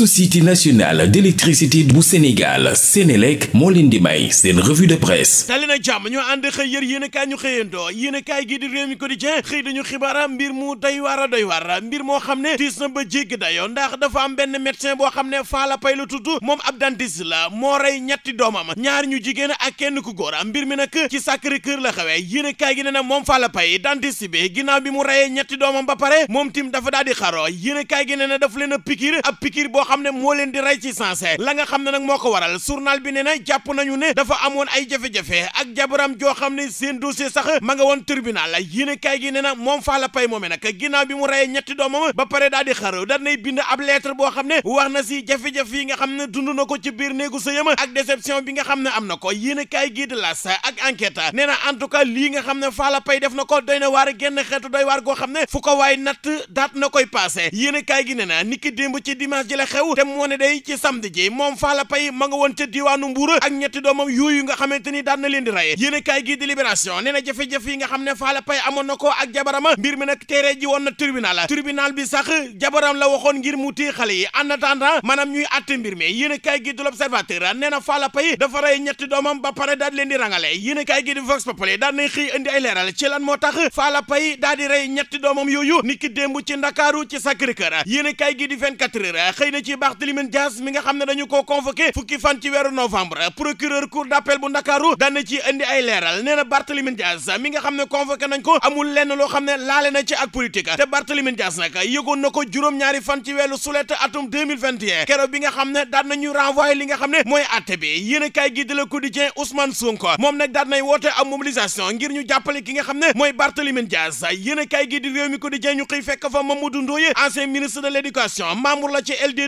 société nationale d'électricité bu Sénégal Sénélec moo leen di may seen revue de presse tali na jàmm ñoo ànd xëy yër yéen a kaay ñu xëyandoo yéen a kaay gi di réew mi quotidien xëy dañu xibaara mbir mu doy waar mbir moo xam ne tiis na ba jéggi dayoo ndax dafa am benn médecin boo xam ne Falla Pay la tudd moom ab dentiste la moo rey ñetti doomam ñaar ñu jigéen ak kenn ku góor mbir mi nag ci Sacré-Cœur la xewee yéen a kaay gi ne na moom Falla Pay dentiste bi ginnaaw bi mu reyee ñetti doomam ba pare moom tim dafa daal di xaro yéen a kaay gi ne na xam ne moo leen di rey ci sansé la nga xam ne nag moo ko waral surnal bi nee na jàpp nañu ne dafa amoon ay jafe-jafe ak jabaram joo xam ne seen dossier sax ma nga woon tribunal yéen kaay gi nee na moom faa la pay moome nag ginnaaw bi mu reyee ñetti doomam ba pare daal di xaru daal nay bind ab lettre boo xam ne wax na si jafe-jafe yi nga xam ne dund na ko ci biir néegu sëyam ak déception bi nga xam ne am na ko yéen kaay gi de ak enquête nee na en tout cas lii nga xam ne faa la pay def na ko doy na waar genn xeetu doy waar goo xam ne fu ko waay natt daat na koy passé yéen gi nee na niki ci dimanche ji la xew te moo ne day ci samedi ji moom Falla Paye ma nga woon ca diwaanu Mbour ak ñetti doomam yooyu nga xamante ni daan na leen di rey yéen kaay gi di libération nee na jafe-jafe yi nga xam ne Falla Paye amoon na ko ak jabarama mbir mi nag teere ji woon na tribunal tribunal bi sax jabaram la waxoon ngir mu téye xale yi en attendant maanaam ñuy àtte mbir mi yéen kaay gi di l'observateur nee na Falla Paye dafa rey ñetti doomam ba pare daal leen di rangale yéen kaay gi di vox populi daan nañ lan moo tax Falla Paye daal di rey ñetti doomam yooyu niki démb ci Ndakaaru ci Sacré-Cœur yéen kaay di 24 heures xëy na jëmee ci Barthélémy Dias mi nga xam ne dañu koo convoqué fukki fan ci weeru novembre procureur cour d'appel bu Ndakaaru daana ci indi ay leeral nee na Barthélémy mi nga xam ne convoqué nañ ko amul lenn loo xam ne laale na ci ak politique te Barthélémy Dias nag yëgoon na ko juróom-ñaari fan ci weeru sulet atum 2021 bi nga xam ne daan nañu renvoyé li nga xam ne mooy atte bi yéen a kaay gi de Le di réew mi Quotidien ñu xëy fekk fa Mamadou Ndoye ancien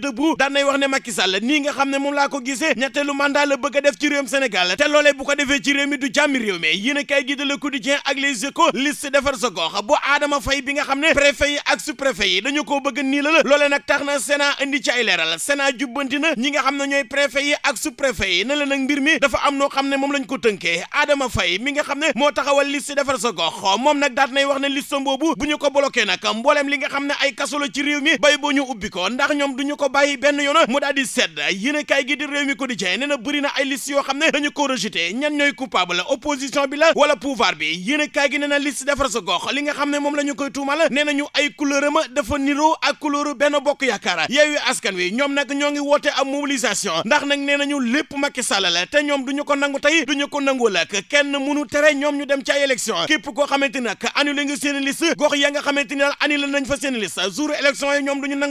debout daan nay wax ne Macky Sall nii nga xam ne moom laa ko gisee ñetteelu mandat la bëgg a def ci réewum Sénégal réew mi du jàmmi réew mi yéen a kaay gi de Le ak Les Échos liste defar bu Adama Faye bi nga xam ne préfet yi ak sous yi dañu koo bëgg nii la la loolee nag tax na Sénat indi ci ay leeral Sénat jubbanti na ñi nga xam ne ñooy préfet yi ak sous yi na la nag mbir mi dafa am noo xam ne moom lañ ko tënkee Adama Faye mi nga xam ne moo taxawal liste defar li nga xam ne ay bàyyi benn yoon mu daal di sedd yéenekaay gi di Rewmi Quotidien nee na bëri na ay liste yoo xam ne dañu ko rejeté ñan ñooy coupable opposition bi la wala pouvoir bi yéenekaay gi nee na liste defar sa gox li nga xam ne moom la ñu koy tuumal nee na ñu ay couleur am dafa niroo ak couleur benn bokk yaakaar yeewi askan wi ñoom nag ñoo ngi woote am mobilisation ndax nag nee nañu lépp Macky Sall la te ñoom du ñu ko nangu tey du ñu ko nangu lak kenn munu tere ñoom ñu dem ci ay képp koo xamante nag annulé nga seen nga xamante ni daal annulé nañ fa seen liste jour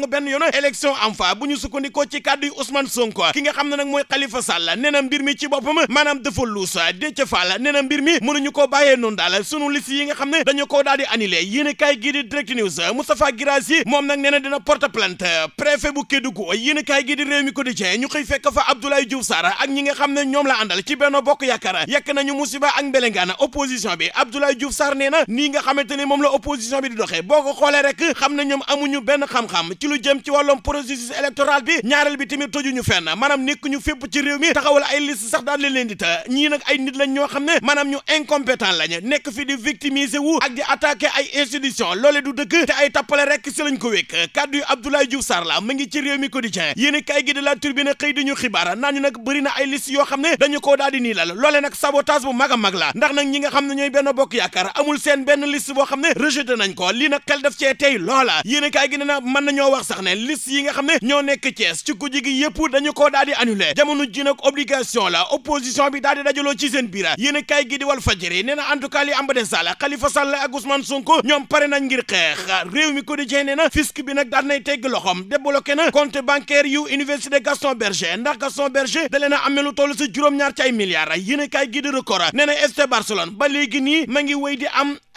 benn yoon élection Touba bu ñu sukkandikoo ci kàddu yi Ousmane Sonko ki nga xam ne nag mooy Khalifa Sall nee na mbir mi ci boppam maanaam dafa luusa Déthié Fall nee mbir mi ñu ko bàyyee noonu daal sunu liste yi nga xam ne dañu koo daal di annulé yéen kaay gii di Direct News Moustapha Guirassy moom nag nee na dina porte plainte préfet bu Kédougou yéen kaay gii di Rewmi ñu xëy fekk fa Abdoulaye Diouf Sarr ak ñi nga xam ne ñoom la àndal ci Benno Bokk Yaakaar yàkk nañu musiba ak mbelengaana opposition bi Abdoulaye na nii nga xamante ni moom la opposition bi di doxee boo ko xoolee rek xam na ñoom amuñu benn xam ci lu jëm ci wàllum processus électoral bi ñaareel bi tamit u ñu fenn maanaam nekk ñu fépp ci réew mi taxawal ay liste sax daal di leen di ta ñii nag ay nit lañ ñoo xam ne maanaam ñu incompétent lañ nekk fi di victimiser wu ak di attaquer ay institution loole du dëkk te ay tappale rek si lañ ko wékk kaddu yu Abdoulaye Diouf Sarr la mu ngi ci réew mi quotidien yéen kay gi de la turbine xëy di ñu xibaar naan ñu nag bëri na ay liste yoo xam ne dañu ko daal di nii lal loole nag sabotage bu mag a ndax nag ñi nga xam ne ñooy benn bokk yaakaar amul seen benn liste boo xam ne rejeté nañ lii nag xel daf cee tey loola yéen kay gi ne na wax sax ne liste yi nga xam ne ñoo nekk Thiès ci kujje gi yëpp dañu ko daal di annulé jamono ji nag obligation la opposition bi daal di dajaloo ci seen biir yéen a kaay gi di Walf Fadjri nee na en tout cas li ambade sala ñoom pare nañ ngir xeex réew mi quotidien nee na fisc bi nag daal nay tegg loxom débloqué na compte bancaire yu université Gaston Berger ndax Gaston Berger da leen a amee lu toll si juróom-ñaar ci ay milliards yéen a kaay gi di record nee ba léegi nii ma ngi wéy di am